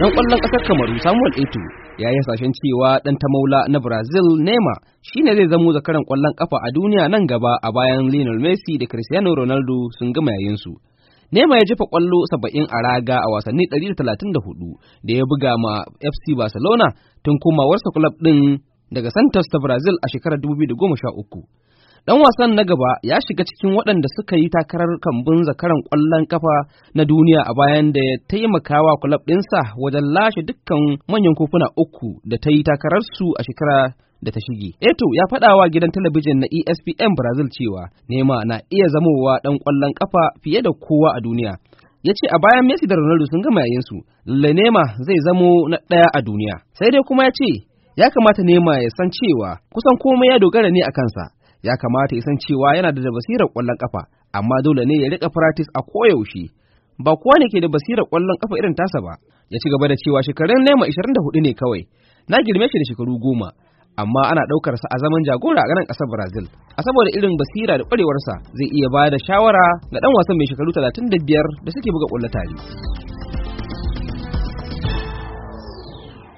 Dan ƙwallon ƙasar Kamaru Samuel Eto ya yi hasashen cewa ɗan ta maula na Brazil Neymar shine zai zamo zakaran ƙwallon ƙafa a duniya nan gaba a bayan Lionel Messi da Cristiano Ronaldo sun gama yayinsu. Neymar ya jefa ƙwallo saba'in a raga a wasanni 134 da ya buga ma FC Barcelona tun komawarsa club ɗin daga Santos ta Brazil a shekarar 2013. Dan wasan na gaba ya shiga cikin waɗanda suka yi takarar kambun zakaran ƙwallon kafa na duniya a bayan da ya taimakawa wa kulab ɗinsa wajen lashe dukkan manyan kofuna uku da ta yi takararsu a shekara da ta shige. Eto ya faɗawa gidan talabijin na ESPN Brazil cewa Nema na iya zamowa ɗan ƙwallon kafa fiye da kowa a duniya. ya ce a bayan Messi da Ronaldo sun gama yayinsu, su lenema zai zamo na ɗaya a duniya. Sai dai kuma ya ce, ya kamata Nema ya san cewa kusan komai ya dogara ne a kansa, ya kamata ya san cewa yana da basirar ƙwallon ƙafa amma dole ne ya riƙa practice a koyaushe ba kowa ne ke da basirar ƙwallon ƙafa irin tasa ba ya ci gaba da cewa shekarun nema 24 ne kawai na girme shi da shekaru goma amma ana ɗaukar sa a zaman jagora a ganin ƙasar Brazil a saboda irin basira da ƙwarewarsa zai iya ba da shawara ga ɗan wasan mai shekaru 35 da suke buga ƙwallo tare.